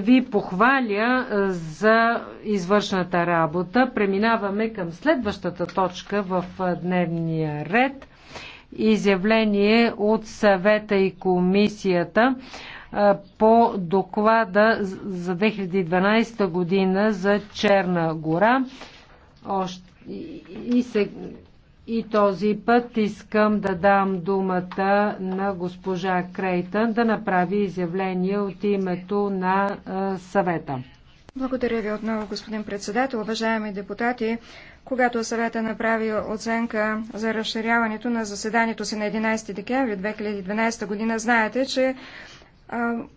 ви похваля за извършната работа. Преминаваме към следващата точка в дневния ред. Изявление от съвета и комисията по доклада за 2012 година за Черна гора. Още и се и този път искам да дам думата на госпожа Крейтън да направи изявление от името на съвета. Благодаря ви отново, господин председател. Уважаеми депутати, когато съвета направи оценка за разширяването на заседанието си на 11 декември 2012 година, знаете, че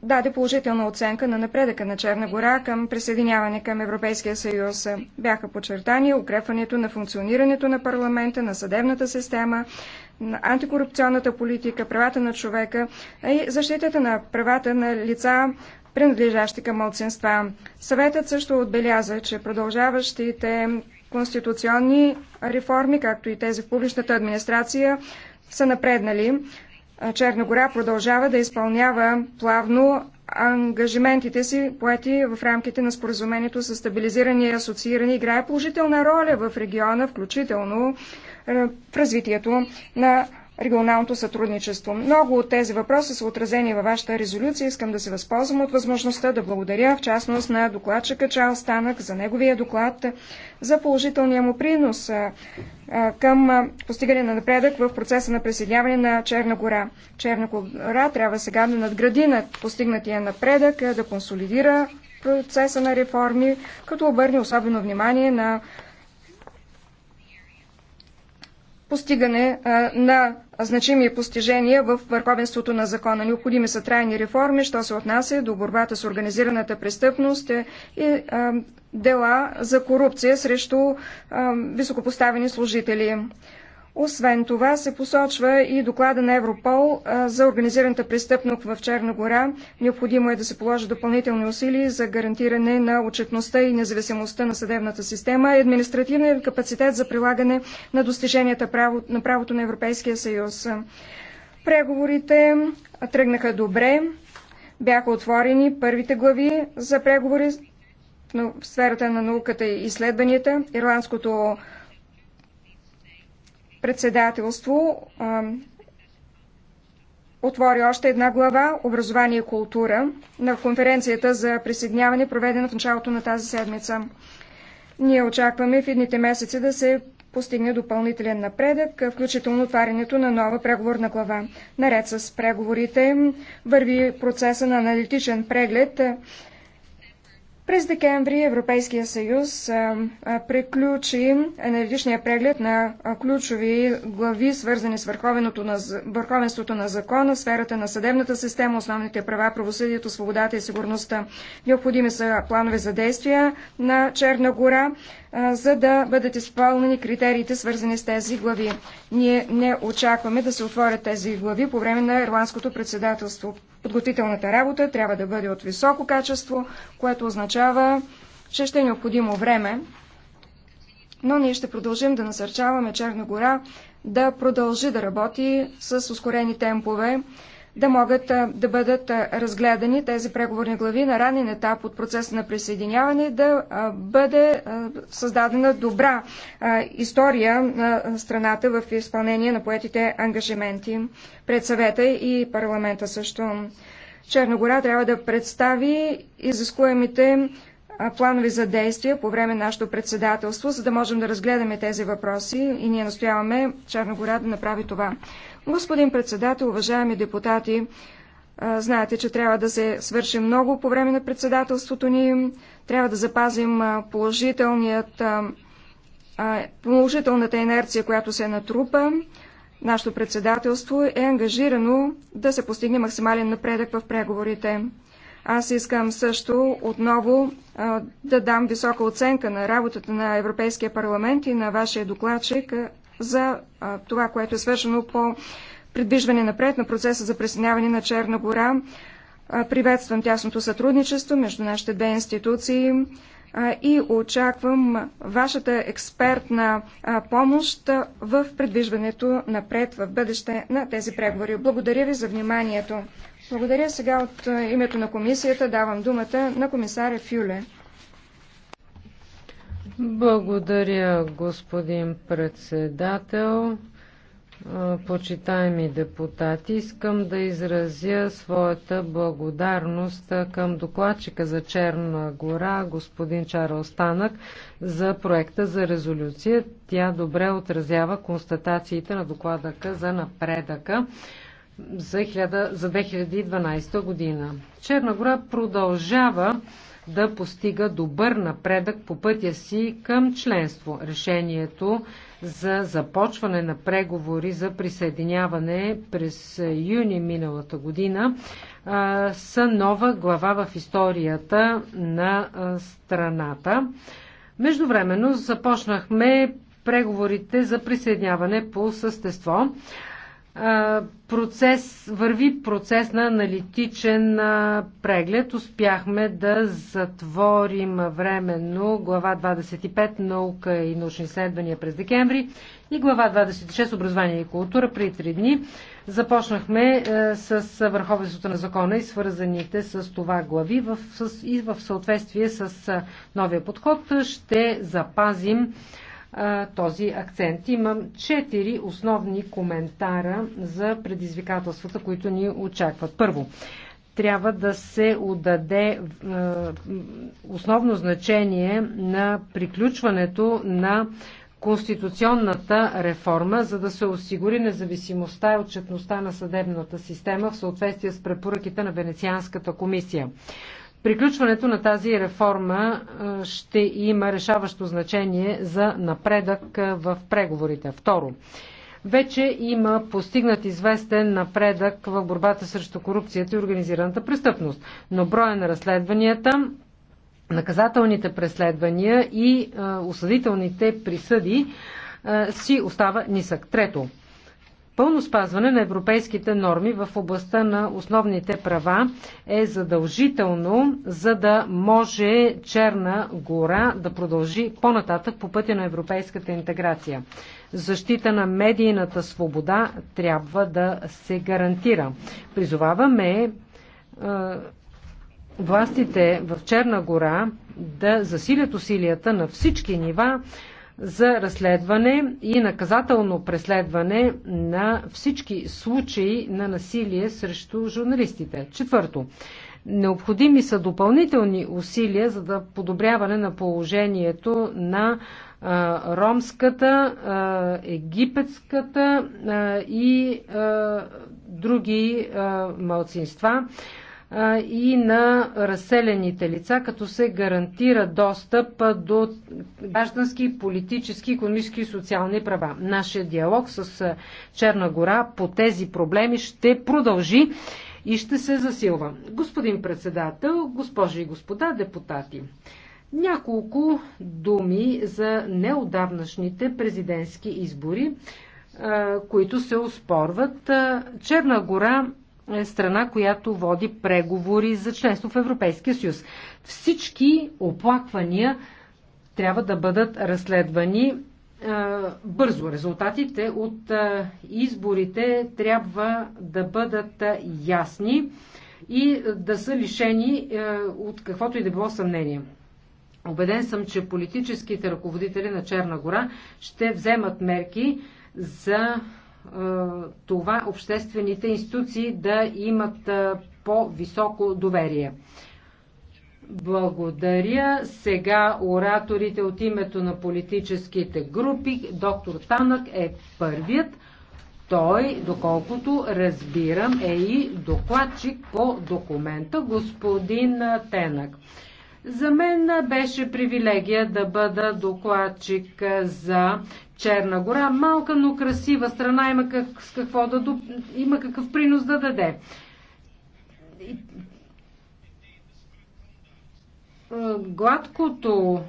даде положителна оценка на напредъка на Черна гора към присъединяване към Европейския съюз. Бяха подчертани укрепването на функционирането на парламента, на съдебната система, на антикорупционната политика, правата на човека и защитата на правата на лица, принадлежащи към младсинства. Съветът също отбеляза, че продължаващите конституционни реформи, както и тези в публичната администрация, са напреднали. Черна гора продължава да изпълнява плавно ангажиментите си, поети в рамките на споразумението за стабилизиране и асоцииране, играе положителна роля в региона, включително в развитието на регионалното сътрудничество. Много от тези въпроси са отразени във вашата резолюция. Искам да се възползвам от възможността да благодаря в частност на докладчика Чал Станък за неговия доклад, за положителния му принос към постигане на напредък в процеса на присъединяване на Черна гора. Черна гора трябва сега да надгради на постигнатия напредък, да консолидира процеса на реформи, като обърне особено внимание на постигане на значими постижения в върховенството на закона. Необходими са трайни реформи, що се отнася до борбата с организираната престъпност е, и дела за корупция срещу високопоставени служители. Освен това се посочва и доклада на Европол за организираната престъпност в Черна гора. Необходимо е да се положат допълнителни усилия за гарантиране на отчетността и независимостта на съдебната система и административния капацитет за прилагане на достиженията право, на правото на Европейския съюз. Преговорите тръгнаха добре. Бяха отворени първите глави за преговори в сферата на науката и изследванията. Ирландското председателство а, отвори още една глава Образование и култура на конференцията за присъединяване, проведена в началото на тази седмица. Ние очакваме в едните месеци да се постигне допълнителен напредък, включително отварянето на нова преговорна глава. Наред с преговорите върви процеса на аналитичен преглед през декември Европейския съюз а, а, приключи енергичния преглед на а, ключови глави, свързани с на, върховенството на закона, сферата на съдебната система, основните права, правосъдието, свободата и сигурността. Необходими са планове за действия на Черна гора, за да бъдат изпълнени критериите, свързани с тези глави. Ние не очакваме да се отворят тези глави по време на ирландското председателство. Подготвителната работа трябва да бъде от високо качество, което означава, че ще е необходимо време, но ние ще продължим да насърчаваме Черна гора да продължи да работи с ускорени темпове, да могат да бъдат разгледани тези преговорни глави на ранен етап от процеса на присъединяване, да бъде създадена добра история на страната в изпълнение на поетите ангажименти пред съвета и парламента също. Черногора трябва да представи изискуемите планове за действия по време на нашето председателство, за да можем да разгледаме тези въпроси и ние настояваме Черногора да направи това. Господин председател, уважаеми депутати, знаете, че трябва да се свърши много по време на председателството ни. Трябва да запазим положителният, положителната инерция, която се натрупа. Нашето председателство е ангажирано да се постигне максимален напредък в преговорите. Аз искам също отново а, да дам висока оценка на работата на Европейския парламент и на вашия докладчик за това, което е свършено по придвижване напред на процеса за присъединяване на Черна гора. Приветствам тясното сътрудничество между нашите две институции и очаквам вашата експертна помощ в предвижването напред в бъдеще на тези преговори. Благодаря ви за вниманието. Благодаря сега от името на комисията. Давам думата на комисаря Фюле. Благодаря, господин председател. Почитаеми депутати, искам да изразя своята благодарност към докладчика за Черна гора, господин Чарл Станък, за проекта за резолюция. Тя добре отразява констатациите на докладъка за напредъка за 2012 година. Черна гора продължава да постига добър напредък по пътя си към членство. Решението за започване на преговори за присъединяване през юни миналата година а, са нова глава в историята на а, страната. Междувременно започнахме преговорите за присъединяване по същество процес, върви процес на аналитичен преглед. Успяхме да затворим временно глава 25 наука и научни изследвания през декември и глава 26 образование и култура при три дни. Започнахме е, с върховенството на закона и свързаните с това глави в, с, и в съответствие с новия подход ще запазим а, този акцент. Имам четири основни коментара за предизвикателствата, които ни очакват. Първо, трябва да се отдаде основно значение на приключването на конституционната реформа, за да се осигури независимостта и отчетността на съдебната система в съответствие с препоръките на Венецианската комисия. Приключването на тази реформа ще има решаващо значение за напредък в преговорите. Второ, вече има постигнат известен напредък в борбата срещу корупцията и организираната престъпност, но броя на разследванията, наказателните преследвания и осъдителните присъди си остава нисък. Трето, Пълно спазване на европейските норми в областта на основните права е задължително, за да може Черна гора да продължи по-нататък по пътя на европейската интеграция. Защита на медийната свобода трябва да се гарантира. Призоваваме е, властите в Черна гора да засилят усилията на всички нива за разследване и наказателно преследване на всички случаи на насилие срещу журналистите. Четвърто, необходими са допълнителни усилия за да подобряване на положението на а, ромската, а, египетската а, и други малцинства и на разселените лица, като се гарантира достъп до граждански, политически, економически и социални права. Нашия диалог с Черна гора по тези проблеми ще продължи и ще се засилва. Господин председател, госпожи и господа депутати, няколко думи за неодавнашните президентски избори, които се оспорват. Черна гора е страна, която води преговори за членство в Европейския съюз. Всички оплаквания трябва да бъдат разследвани е, бързо. Резултатите от е, изборите трябва да бъдат е, ясни и да са лишени от каквото и да било съмнение. Обеден съм, че политическите ръководители на Черна гора ще вземат мерки за е, това обществените институции да имат е, по-високо доверие. Благодаря. Сега ораторите от името на политическите групи. Доктор Танък е първият. Той, доколкото разбирам, е и докладчик по документа господин Тенък. За мен беше привилегия да бъда докладчик за Черна гора, малка, но красива страна, има, как, какво да, има какъв принос да даде. Гладкото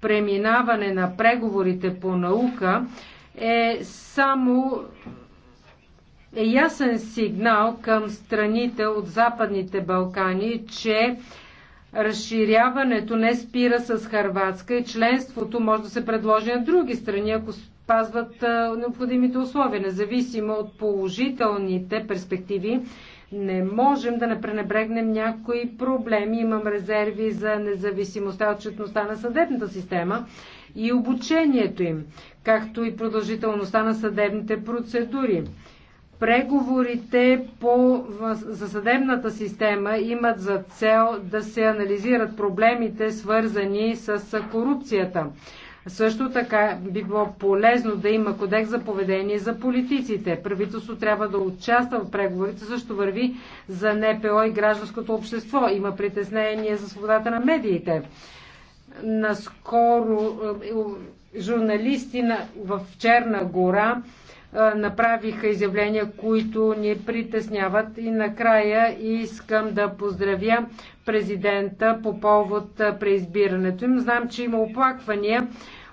преминаване на преговорите по наука е само е ясен сигнал към страните от Западните Балкани, че разширяването не спира с Харватска и членството може да се предложи на други страни, ако спазват необходимите условия. Независимо от положителните перспективи, не можем да не пренебрегнем някои проблеми. Имам резерви за независимостта от четността на съдебната система и обучението им, както и продължителността на съдебните процедури. Преговорите по, за съдебната система имат за цел да се анализират проблемите, свързани с корупцията. Също така би било полезно да има кодекс за поведение за политиците. Правителство трябва да участва в преговорите, също върви за НПО и гражданското общество. Има притеснение за свободата на медиите. Наскоро е, журналисти в Черна гора направиха изявления, които ни притесняват. И накрая искам да поздравя президента по повод преизбирането им. Знам, че има оплаквания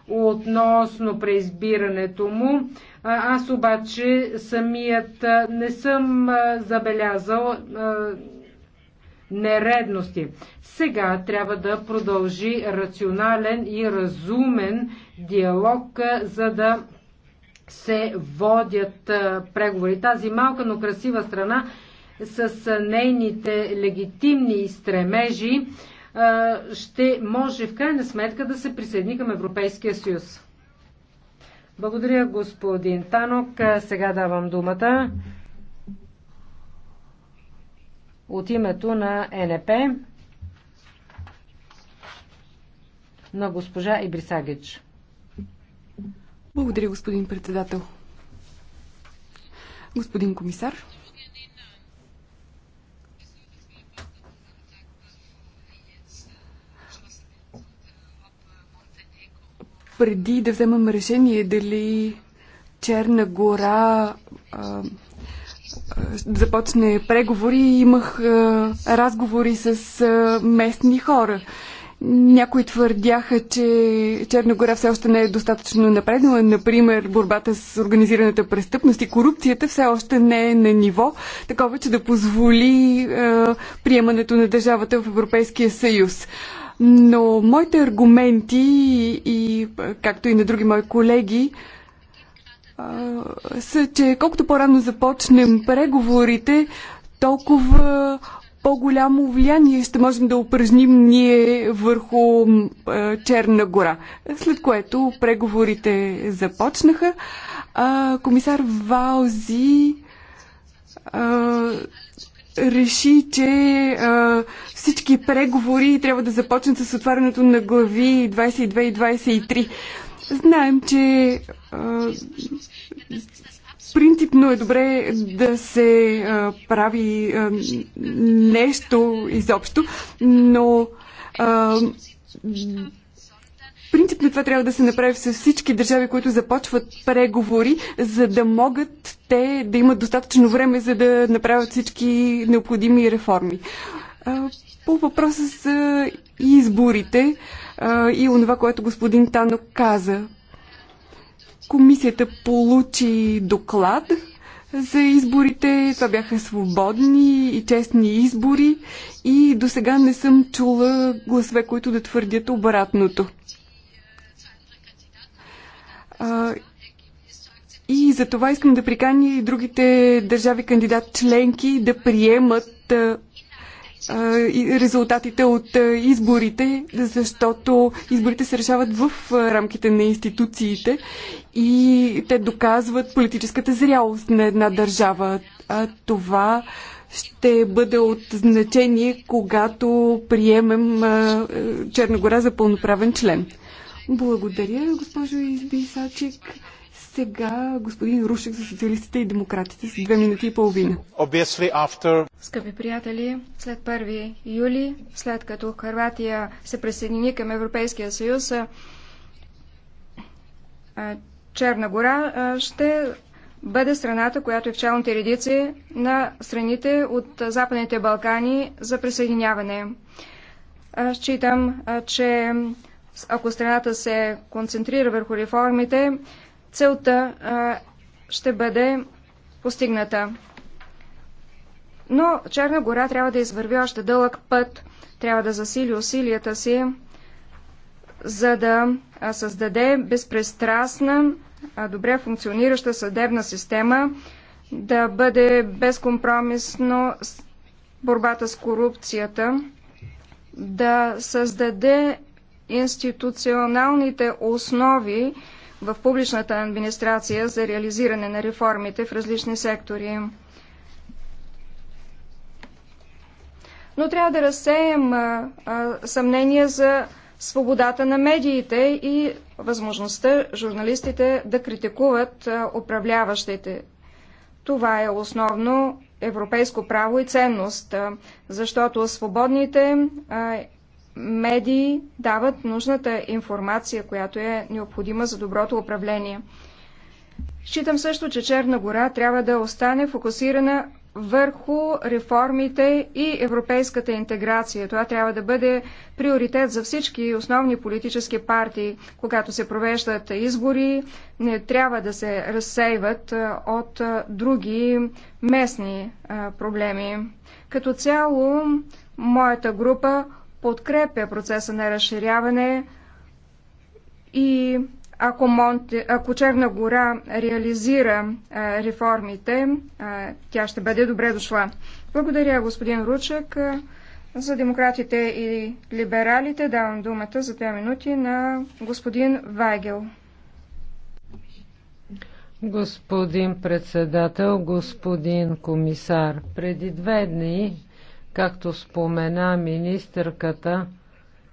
относно преизбирането му. Аз обаче самият не съм забелязал нередности. Сега трябва да продължи рационален и разумен диалог, за да се водят преговори. Тази малка, но красива страна с нейните легитимни стремежи ще може в крайна сметка да се присъедини към Европейския съюз. Благодаря, господин Танок. Сега давам думата от името на НП на госпожа Ибрисагич. Благодаря, господин председател. Господин комисар. Преди да вземем решение дали Черна гора а, започне преговори, имах а, разговори с а, местни хора. Някои твърдяха, че Черна гора все още не е достатъчно напреднала. Например, борбата с организираната престъпност и корупцията все още не е на ниво, такова, че да позволи е, приемането на държавата в Европейския съюз. Но моите аргументи и, както и на други мои колеги, е, са, че колкото по-рано започнем преговорите, толкова по-голямо влияние ще можем да упражним ние върху е, Черна гора. След което преговорите започнаха. А, комисар Ваузи реши, че а, всички преговори трябва да започнат с отварянето на глави 22 и 23. Знаем, че а, принципно е добре да се а, прави а, нещо изобщо, но а, принципно това трябва да се направи с всички държави, които започват преговори, за да могат те да имат достатъчно време, за да направят всички необходими реформи. А, по въпроса за изборите а, и онова, което господин Тано каза Комисията получи доклад за изборите. Това бяха свободни и честни избори и до сега не съм чула гласове, които да твърдят обратното. А, и за това искам да приканя и другите държави кандидат членки да приемат резултатите от изборите, защото изборите се решават в рамките на институциите и те доказват политическата зрялост на една държава. А това ще бъде от значение, когато приемем Черна гора за пълноправен член. Благодаря, госпожо Избисачик. Сега господин Рушек за социалистите и демократите с две минути и половина. After... Скъпи приятели, след 1 юли, след като Харватия се присъедини към Европейския съюз, Черна гора ще бъде страната, която е в челните редици на страните от Западните Балкани за присъединяване. Считам, че ако страната се концентрира върху реформите, целта а, ще бъде постигната. Но Черна гора трябва да извърви още дълъг път, трябва да засили усилията си, за да създаде безпристрастна, добре функционираща съдебна система, да бъде безкомпромисно борбата с корупцията, да създаде институционалните основи, в публичната администрация за реализиране на реформите в различни сектори. Но трябва да разсеем съмнение за свободата на медиите и възможността журналистите да критикуват управляващите. Това е основно европейско право и ценност, защото свободните медии дават нужната информация, която е необходима за доброто управление. Считам също, че Черна гора трябва да остане фокусирана върху реформите и европейската интеграция. Това трябва да бъде приоритет за всички основни политически партии. Когато се провеждат избори, не трябва да се разсейват от други местни проблеми. Като цяло, моята група подкрепя процеса на разширяване и ако, Монте, ако Черна гора реализира а, реформите, а, тя ще бъде добре дошла. Благодаря, господин Ручек. За демократите и либералите давам думата за две минути на господин Вагел. Господин председател, господин комисар, преди две дни Както спомена министърката,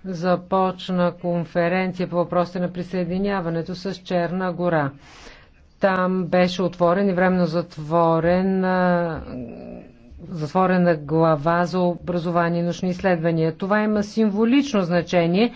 започна конференция по въпросите на присъединяването с Черна гора. Там беше отворен и временно затворен затворена глава за образование и научни изследвания. Това има символично значение,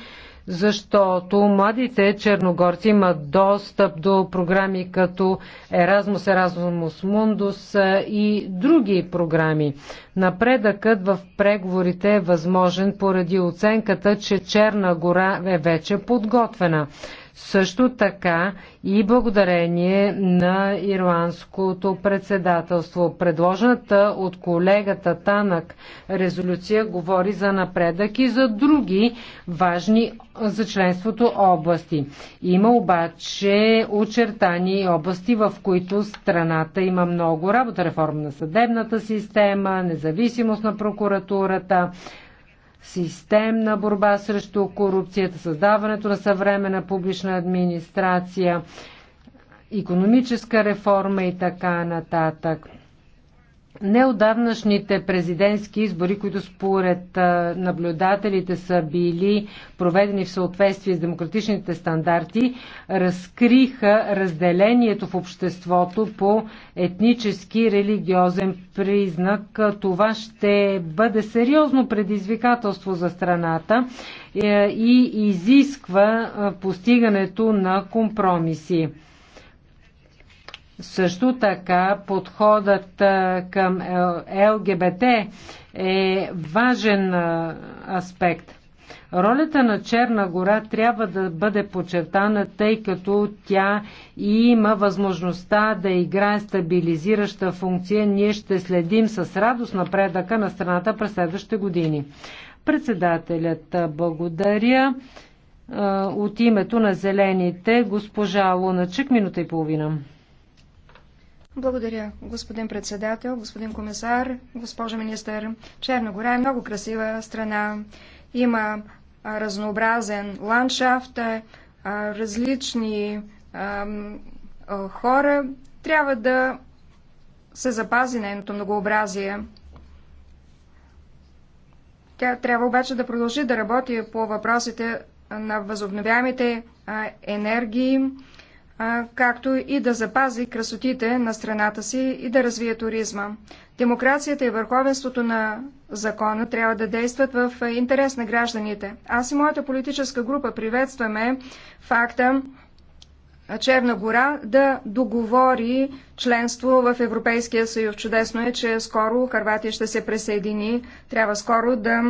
защото младите черногорци имат достъп до програми като Erasmus, Erasmus Mundus и други програми. Напредъкът в преговорите е възможен поради оценката, че Черна гора е вече подготвена. Също така и благодарение на ирландското председателство. Предложената от колегата Танък резолюция говори за напредък и за други важни за членството области. Има обаче очертани области, в които страната има много работа. Реформа на съдебната система, независимост на прокуратурата, системна борба срещу корупцията, създаването на съвременна публична администрация, економическа реформа и така нататък неодавнашните президентски избори, които според наблюдателите са били проведени в съответствие с демократичните стандарти, разкриха разделението в обществото по етнически и религиозен признак. Това ще бъде сериозно предизвикателство за страната е, и изисква постигането на компромиси. Също така подходът към ЛГБТ е важен аспект. Ролята на Черна гора трябва да бъде подчертана, тъй като тя има възможността да играе стабилизираща функция. Ние ще следим с радост напредъка на страната през следващите години. Председателят благодаря от името на зелените госпожа Луначек минута и половина. Благодаря, господин председател, господин комисар, госпожа министър. Черна гора е много красива страна. Има разнообразен ландшафт, различни хора. Трябва да се запази нейното многообразие. Тя трябва обаче да продължи да работи по въпросите на възобновяемите енергии, както и да запази красотите на страната си и да развие туризма. Демокрацията и върховенството на закона трябва да действат в интерес на гражданите. Аз и моята политическа група приветстваме факта Черна гора да договори членство в Европейския съюз. Чудесно е, че скоро Харватия ще се присъедини. Трябва скоро да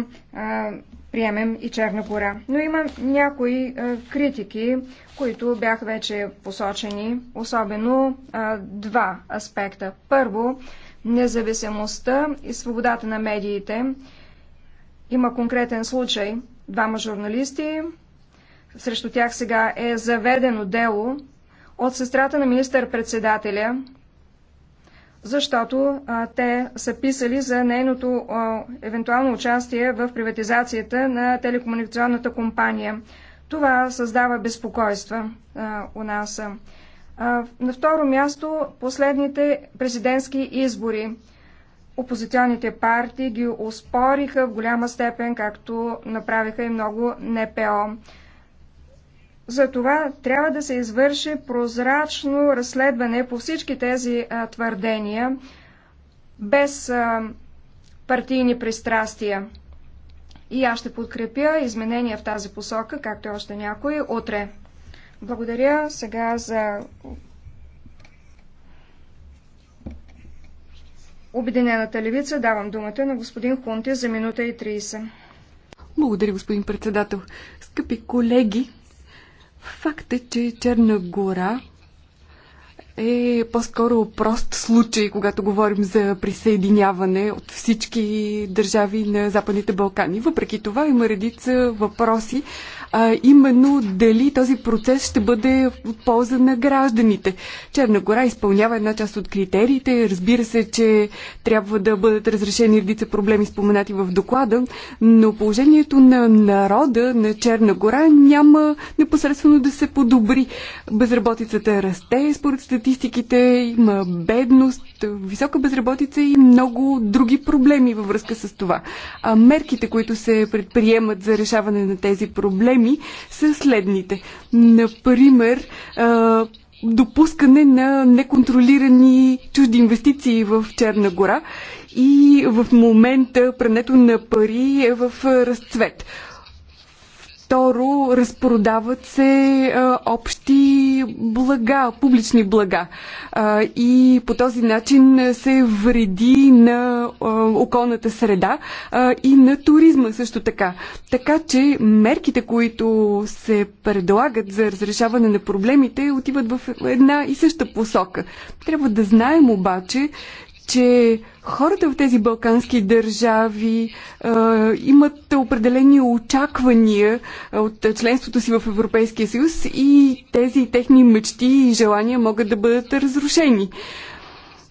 приемем и Черна гора. Но има някои е, критики, които бяха вече посочени, особено е, два аспекта. Първо, независимостта и свободата на медиите. Има конкретен случай. Двама журналисти, срещу тях сега е заведено дело от сестрата на министър-председателя, защото а, те са писали за нейното а, евентуално участие в приватизацията на телекомуникационната компания. Това създава безпокойства а, у нас. А, на второ място последните президентски избори. Опозиционните партии ги успориха в голяма степен, както направиха и много НПО. За това трябва да се извърши прозрачно разследване по всички тези а, твърдения, без а, партийни пристрастия. И аз ще подкрепя изменения в тази посока, както и още някои, утре. Благодаря сега за Обединената левица. Давам думата на господин Хунти за минута и 30. Благодаря, господин председател. Скъпи колеги, Факт е, че Черна гора е по-скоро прост случай, когато говорим за присъединяване от всички държави на Западните Балкани. Въпреки това има редица въпроси, а именно дали този процес ще бъде в полза на гражданите. Черна гора изпълнява една част от критериите. Разбира се, че трябва да бъдат разрешени редица проблеми, споменати в доклада, но положението на народа на Черна гора няма непосредствено да се подобри. Безработицата расте, според статистиките, има бедност, висока безработица и много други проблеми във връзка с това. А мерките, които се предприемат за решаване на тези проблеми, са следните. Например, допускане на неконтролирани чужди инвестиции в Черна гора и в момента прането на пари е в разцвет. Второ, разпродават се а, общи блага, публични блага. А, и по този начин се вреди на а, околната среда а, и на туризма също така. Така че мерките, които се предлагат за разрешаване на проблемите, отиват в една и съща посока. Трябва да знаем обаче, че хората в тези балкански държави а, имат определени очаквания от членството си в Европейския съюз и тези техни мечти и желания могат да бъдат разрушени.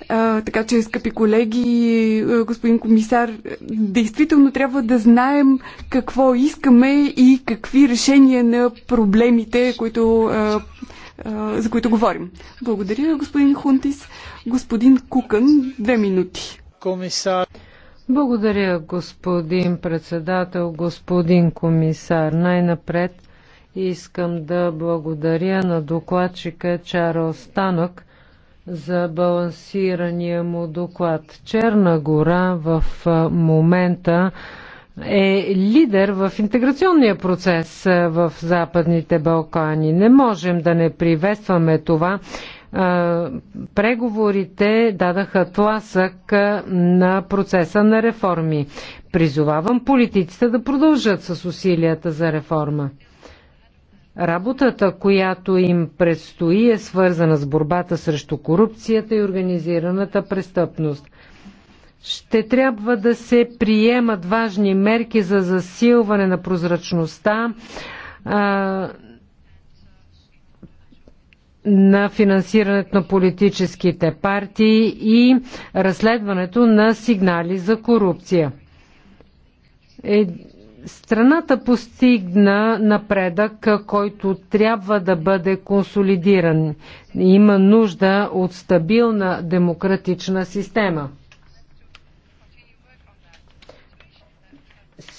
А, така че, скъпи колеги, господин комисар, действително трябва да знаем какво искаме и какви решения на проблемите, които а, за които говорим. Благодаря, господин Хунтис. Господин Кукън, две минути. Комисар. Благодаря, господин председател, господин комисар. Най-напред искам да благодаря на докладчика Чарл Станък за балансирания му доклад. Черна гора в момента е лидер в интеграционния процес в Западните Балкани. Не можем да не приветстваме това. Преговорите дадаха тласък на процеса на реформи. Призовавам политиците да продължат с усилията за реформа. Работата, която им предстои, е свързана с борбата срещу корупцията и организираната престъпност ще трябва да се приемат важни мерки за засилване на прозрачността на финансирането на политическите партии и разследването на сигнали за корупция. Е, страната постигна напредък, който трябва да бъде консолидиран. Има нужда от стабилна демократична система.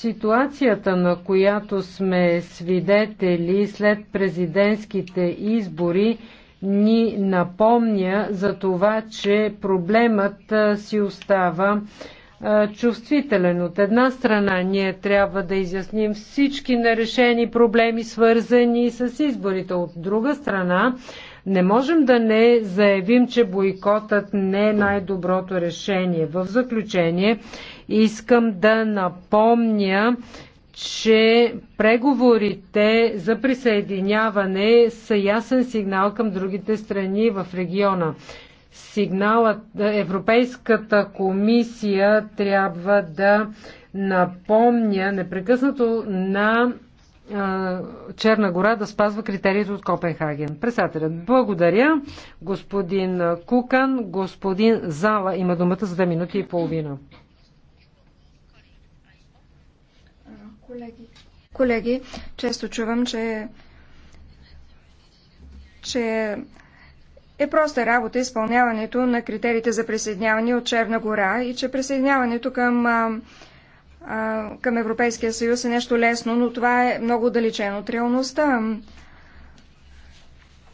Ситуацията, на която сме свидетели след президентските избори, ни напомня за това, че проблемът си остава чувствителен. От една страна ние трябва да изясним всички нарешени проблеми, свързани с изборите. От друга страна не можем да не заявим, че бойкотът не е най-доброто решение. В заключение, Искам да напомня, че преговорите за присъединяване са ясен сигнал към другите страни в региона. Сигналът Европейската комисия трябва да напомня непрекъснато на Черна гора да спазва критериите от Копенхаген. Председателят, благодаря. Господин Кукан, господин Зала има думата за 2 минути и половина. Колеги. Колеги, често чувам, че, че е проста работа изпълняването на критериите за присъединяване от Черна гора и че присъединяването към, а, а, към Европейския съюз е нещо лесно, но това е много далечено от реалността.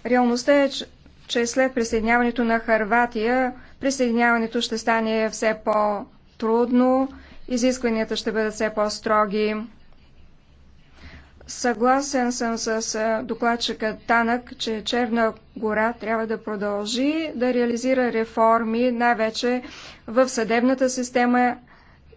Реалността е, че след присъединяването на Харватия, присъединяването ще стане все по-трудно, изискванията ще бъдат все по-строги. Съгласен съм с докладчика Танък, че Черна гора трябва да продължи да реализира реформи, най-вече в съдебната система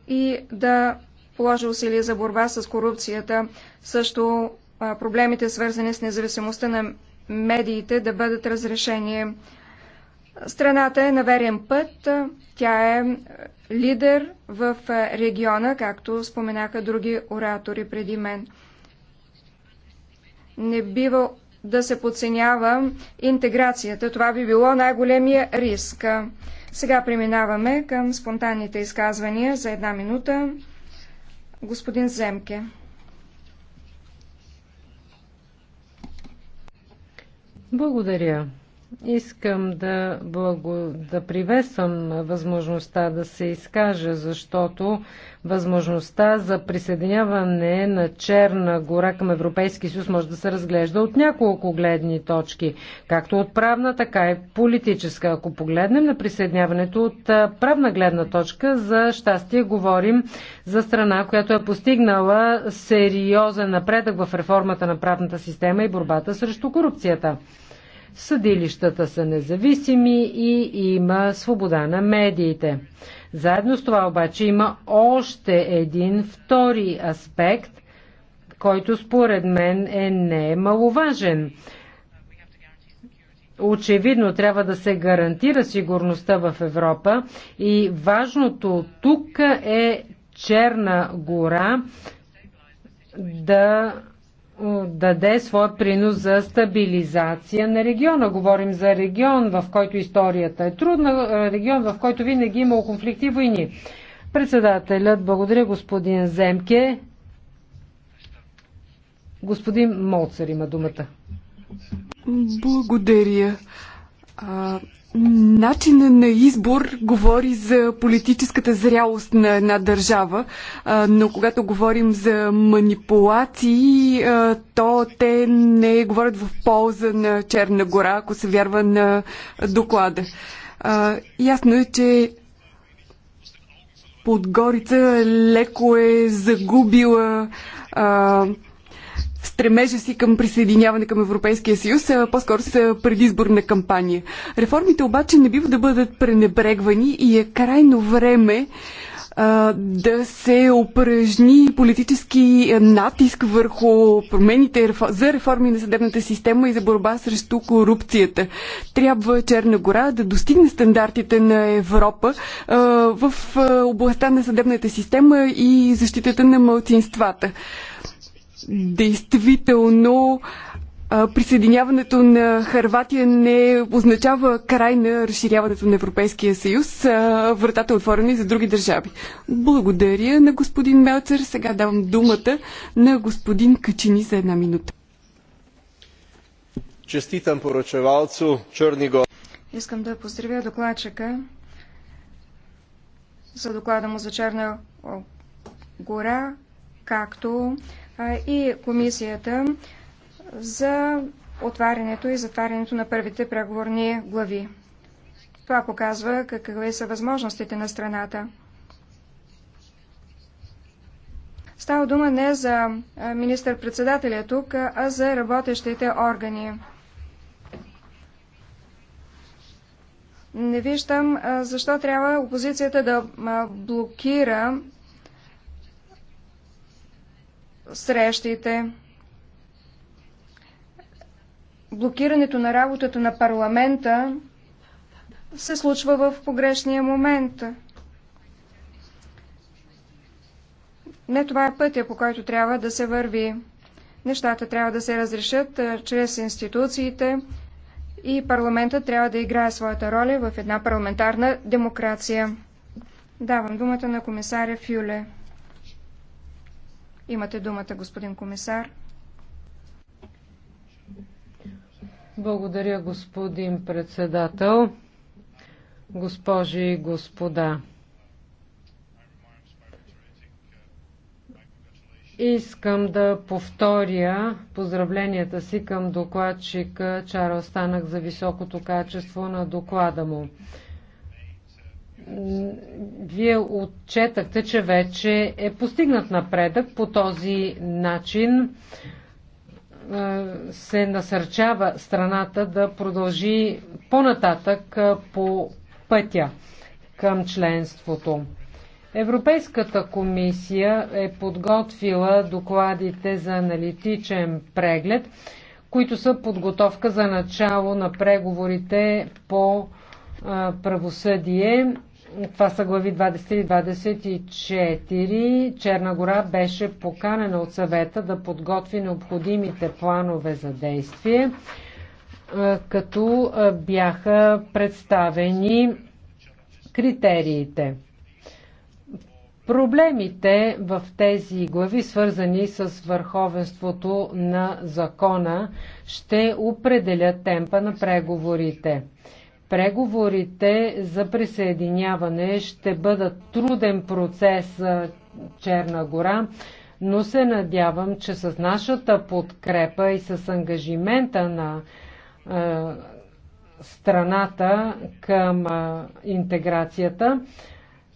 и да положи усилия за борба с корупцията. Също проблемите, свързани с независимостта на медиите, да бъдат разрешени. Страната е на верен път. Тя е лидер в региона, както споменаха други оратори преди мен не бива да се подценява интеграцията. Това би било най-големия риск. Сега преминаваме към спонтанните изказвания за една минута. Господин Земке. Благодаря. Искам да, благо... да приветствам възможността да се изкажа, защото възможността за присъединяване на Черна гора към Европейски съюз може да се разглежда от няколко гледни точки, както от правна, така и политическа. Ако погледнем на присъединяването от правна гледна точка, за щастие говорим за страна, която е постигнала сериозен напредък в реформата на правната система и борбата срещу корупцията. Съдилищата са независими и има свобода на медиите. Заедно с това обаче има още един втори аспект, който според мен е немаловажен. Очевидно трябва да се гарантира сигурността в Европа и важното тук е Черна гора да даде своя принос за стабилизация на региона. Говорим за регион, в който историята е трудна, регион, в който винаги има конфликти и войни. Председателят, благодаря господин Земке. Господин Молцер има думата. Благодаря. Начинът на избор говори за политическата зрялост на една държава, но когато говорим за манипулации, то те не говорят в полза на Черна гора, ако се вярва на доклада. Ясно е, че Подгорица леко е загубила стремежа си към присъединяване към Европейския съюз, по-скоро са предизборна кампания. Реформите обаче не бива да бъдат пренебрегвани и е крайно време а, да се упражни политически натиск върху промените за реформи на съдебната система и за борба срещу корупцията. Трябва Черна гора да достигне стандартите на Европа а, в областта на съдебната система и защитата на мълцинствата. Действително, присъединяването на Харватия не означава край на разширяването на Европейския съюз. Вратата е отворена и за други държави. Благодаря на господин Мелцер. Сега давам думата на господин Качини за една минута. Честитам поръчевалцу Черни Гор. Искам да поздравя докладчика за доклада му за Черна гора, както и комисията за отварянето и затварянето на първите преговорни глави. Това показва какви са възможностите на страната. Става дума не за министър-председателя тук, а за работещите органи. Не виждам защо трябва опозицията да блокира срещите. Блокирането на работата на парламента се случва в погрешния момент. Не това е пътя, по който трябва да се върви. Нещата трябва да се разрешат чрез институциите и парламента трябва да играе своята роля в една парламентарна демокрация. Давам думата на комисаря Фюле. Имате думата, господин комисар. Благодаря, господин председател, госпожи и господа. Искам да повторя поздравленията си към докладчика Чарл Станък за високото качество на доклада му вие отчетахте, че вече е постигнат напредък. По този начин е, се насърчава страната да продължи по-нататък е, по пътя към членството. Европейската комисия е подготвила докладите за аналитичен преглед, които са подготовка за начало на преговорите по е, правосъдие това са глави 20 и 24. Черна гора беше поканена от съвета да подготви необходимите планове за действие, е, като е, бяха представени критериите. Проблемите в тези глави, свързани с върховенството на закона, ще определят темпа на преговорите. Преговорите за присъединяване ще бъдат труден процес за Черна гора, но се надявам, че с нашата подкрепа и с ангажимента на страната към интеграцията,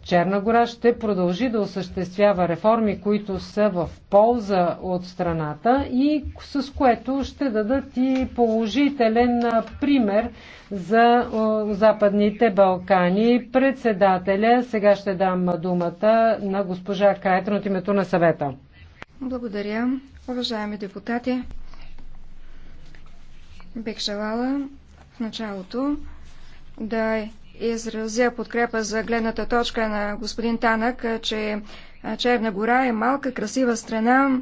Черна гора ще продължи да осъществява реформи, които са в полза от страната и с което ще дадат и положителен пример за Западните Балкани. Председателя, сега ще дам думата на госпожа Крайтен от името на съвета. Благодаря, уважаеми депутати. Бих желала в началото да изразя подкрепа за гледната точка на господин Танък, че Черна гора е малка, красива страна.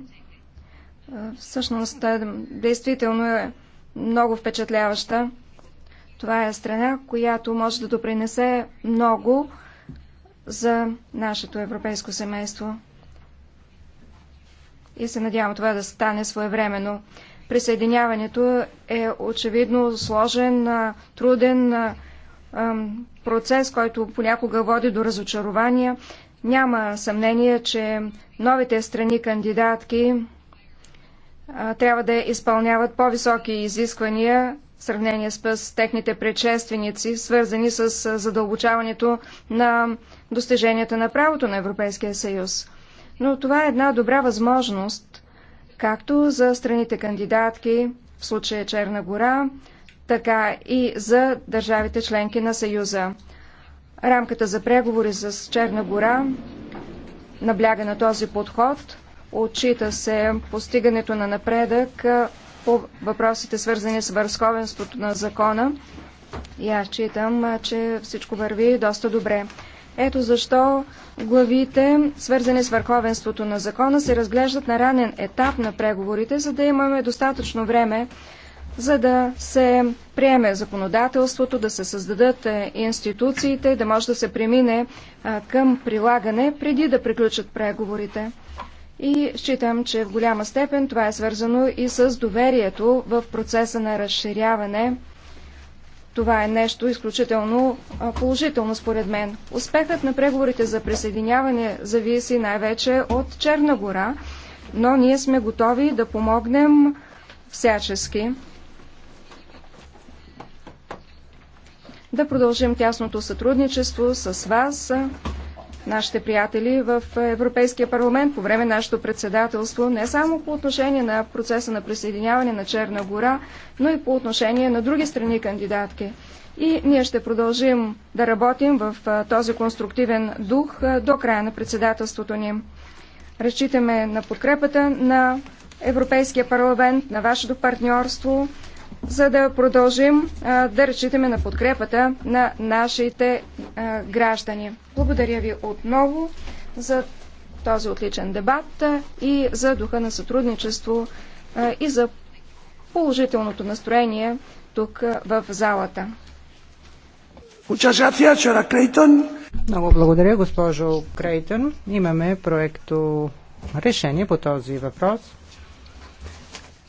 Всъщност, действително е много впечатляваща. Това е страна, която може да допринесе много за нашето европейско семейство. И се надявам това да стане своевременно. Присъединяването е очевидно сложен, труден, процес, който понякога води до разочарования. Няма съмнение, че новите страни кандидатки трябва да изпълняват по-високи изисквания в сравнение с техните предшественици, свързани с задълбочаването на достиженията на правото на Европейския съюз. Но това е една добра възможност, както за страните кандидатки, в случая Черна гора, така и за държавите членки на Съюза. Рамката за преговори с Черна гора набляга на този подход. Отчита се постигането на напредък по въпросите свързани с върховенството на закона. И аз читам, че всичко върви доста добре. Ето защо главите, свързани с върховенството на закона, се разглеждат на ранен етап на преговорите, за да имаме достатъчно време за да се приеме законодателството, да се създадат е, институциите, да може да се премине към прилагане преди да приключат преговорите. И считам, че в голяма степен това е свързано и с доверието в процеса на разширяване. Това е нещо изключително положително според мен. Успехът на преговорите за присъединяване зависи най-вече от Черна гора, но ние сме готови да помогнем всячески. да продължим тясното сътрудничество с вас, нашите приятели в Европейския парламент по време на нашето председателство, не само по отношение на процеса на присъединяване на Черна гора, но и по отношение на други страни кандидатки. И ние ще продължим да работим в този конструктивен дух до края на председателството ни. Разчитаме на подкрепата на Европейския парламент, на вашето партньорство за да продължим да разчитаме на подкрепата на нашите граждани. Благодаря ви отново за този отличен дебат и за духа на сътрудничество и за положителното настроение тук в залата. Много благодаря, госпожо Крейтън. Имаме проекто решение по този въпрос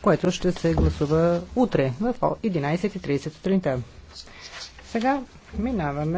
което ще се гласува утре в 11.30 сутринта. Сега минаваме